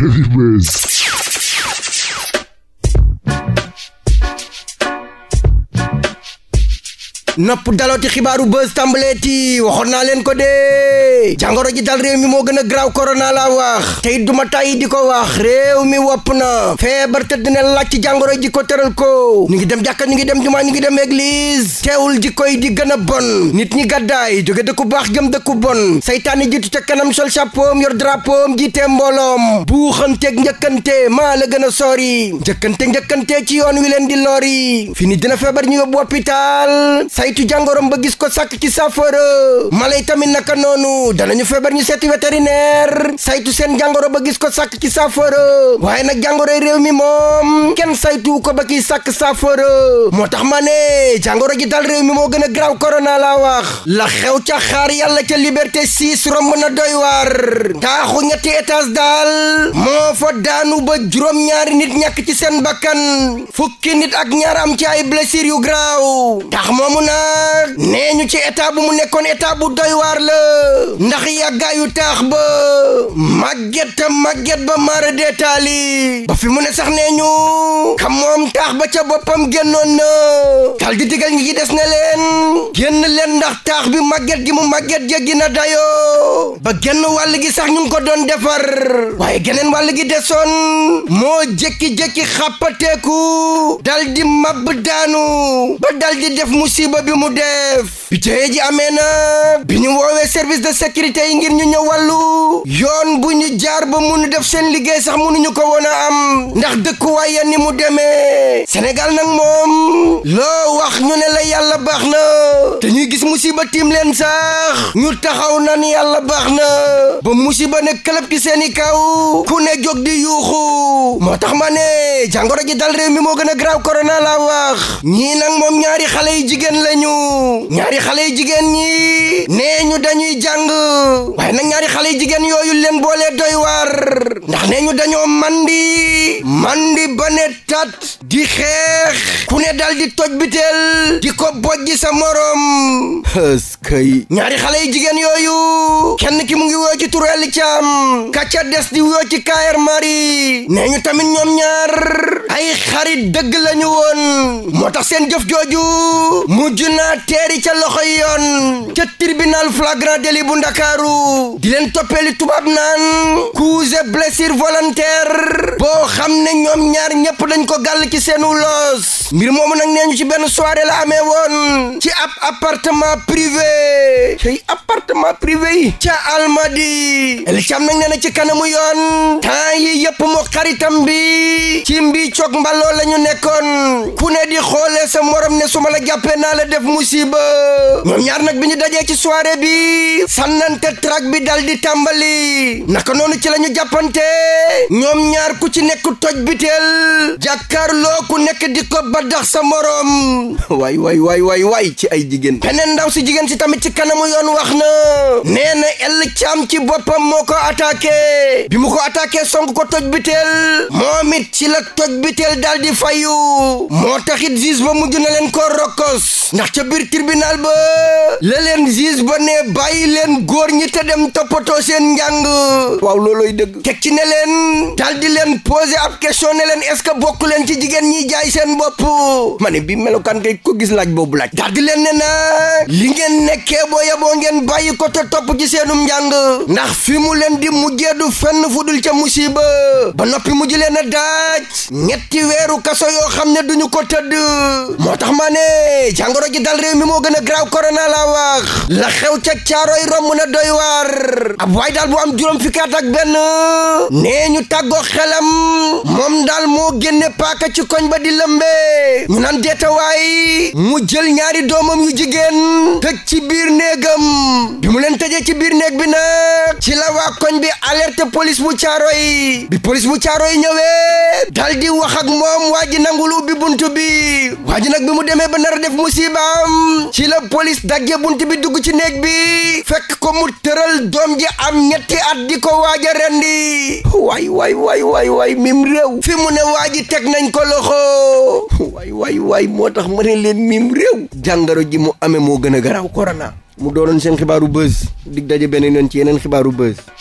Heavy Waves. nopp dalooti xibaaru buzz tàmbaleeti waxoon naa leen ko dee jàngoro ji dal réew mi moo gën a graaw korona laa wax tey duma tàyyi di ko wax réew mi wopp na feebar tëdd na laaj ci jàngoro ji ko tëral ko ñu ngi dem jàkka ñu ngi dem jumaa ñu ngi dem église teewul ji koy di gën a bon nit ñi gàddaay jóge dëkku baax jëm dëkku bon saytaane jiitu ca kanam sol chapeau yor drapeau jiite mbooloom buuxanteeg njëkkante maa la gën a sori njëkkante njëkkante ci yoon wi leen di lori fini dina feebar ñu yóbbu saytu jàngoroom ba gis ko sàkk ci saafara mala yi tamit naka noonu ñu feebar ñu seeti vétérinaire saytu seen jàngoro ba gis ko sàkk ci saafara waaye nag jàngoro réew mi moom kenn saytuwu ko ba ki sàkk saafara moo tax ma ne jàngoro ji dal réew mi moo gën a graaw corona la wax la xew ca xaar yàlla ca liberté 6 romb na doy waar taaxu ñetti étage daal moo fa daanu ba juróom-ñaari nit ñakk ci seen bakkan fukki nit ak ñaar am ci ay blessure yu graaw nag nee ñu ci état bu mu nekkoon état bu doy waar la ndax yàggaayu taax ba màgget ta màgget ba maara deetaali ba fi mu ne sax nee ñu ka moom taax ba ca boppam génnoon na dal di digal ñi ci des na leen génn leen ndax taax bi màgget gi mu màgget jéggi na dayo ba genn wàll gi sax ñu ko doon defar waaye geneen wàll gi desoon moo jékki-jékki xàppateeku dal di mabb daanu ba dal di def musiba jéego bi mu def bi tey ji amee na bi ñu woowee service de sécurité yi ngir ñu ñëw wàllu yoon bu ñu jaar ba munu def seen liggéey sax munuñu ko woon am ndax dëkkuwaay ya ni mu demee senegal nag moom loo wax ñu ne la yàlla baax na te ñuy gis musiba tiim leen sax ñu taxaw nan yàlla baax na ba musiba ne këlëb ki seen i kaw ku ne jóg di yuuxu moo tax ma ne jàngoro ji dal réew mi moo gën a graaw korona laa wax ñii nag moom ñaari xale yu jigéen lañu ñaari xale yu jigéen ñi nee ñu dañuy jàng waaye nag ñaari xale yu jigéen yooyu leen boole doy war ndax nee ñu dañoo mandi mandi ba ne tat di xeex ku ne dal di toj biteel di ko bojji sa morom ëskay ñaari xale yi jigéen yooyu kenn ki mu ngi woo ci tureel caam ka ca des di woo ci mari nee ñu tamit ñoom ñaar ay xarit dëgg lañu woon moo tax seen jëf jooju mujj naa teeri ca loxoy yoon ca tribunal flagrant délit bu ndakaaru di leen toppeeli tubaab naan cause blessure volontaire boo xam ne ñoom ñaar ñépp dañ ko gàll ci seenu loos mbir moomu nag nee ñu ci benn soirée la amee woon ci ab appartement privé ci appartement privé ca Almadi li ci am nag nee na ci kanamu yoon temps yépp moo xaritam bi régime bi coog mbaloo la ñu nekkoon ku ne di xoolee sa morom ne su ma la jàppee naa la def musiba ñoom ñaar nag bi ñu dajee ci soirée bi sànnante track bi dal di tàmbali naka noonu ci la ñu jàppante ñoom ñaar ku ci nekk toj biteel jàkkaarloo ku nekk di ko badax sa morom waay waay waay waay waay ci ay jigéen beneen ndaw si jigéen si tamit ci kanamu yoon wax na Thiam ci boppam moo ko attaqué bi mu ko attaqué song ko toj biteel moom it ci la toj biteel daal di fayu moo taxit juge ba mujj na leen ko rokkos ndax ca biir tribunal ba la leen juge ba ne bàyyi leen góor ñi te dem toppatoo seen njàng waaw loolooy dëgg teg ci ne leen daal di leen posé ab question ne leen est-ce que bokk leen ci jigéen ñi jaay seen bopp ma ne bi melokaan kay ko gis laaj boobu laaj daal di leen ne na li ngeen nekkee boo yaboo ngeen bàyyi ko te njàng ndax fi mu leen di mujjee du fenn fu dul ca musiba ba noppi mujj leen a daaj ñetti weeru kaso yoo xam ne duñu ko tëdd moo tax maa ne jàngoro ji dal réew mi moo gën a graaw korona laa wax la xew ca caaroy romb na doy waar ab waay daal bu am juróom fukki at ak benn nee ñu tàggoo xelam moom daal moo génne paaka ci koñ ba di lëmbee ñu naan deetawaay mu jël ñaari doomam yu jigéen tëj ci biir néegam bi mu leen tëjee ci biir néeg bi nag waa koñ bi alerte police bu caaro yi bi police bu caaro yi ñëwee dal di wax ak moom waa ji nangul ubbi bunt bi waa ji nag bi mu demee ba nar a def musibaam ci la police dagge bunt bi dugg ci néeg bi fekk ko mu tëral doom ji am ñetti at di ko waaj rendi waay waay waay waay waay mim réew fi mu ne waa ji teg nañ ko loxo waay waay waay moo tax ma ne leen mim réew jàngaro ji mu amee moo gën a garaaw korona mu doonoon seen xibaaru buzz dig daje beneen yoon ci yeneen xibaaru buzz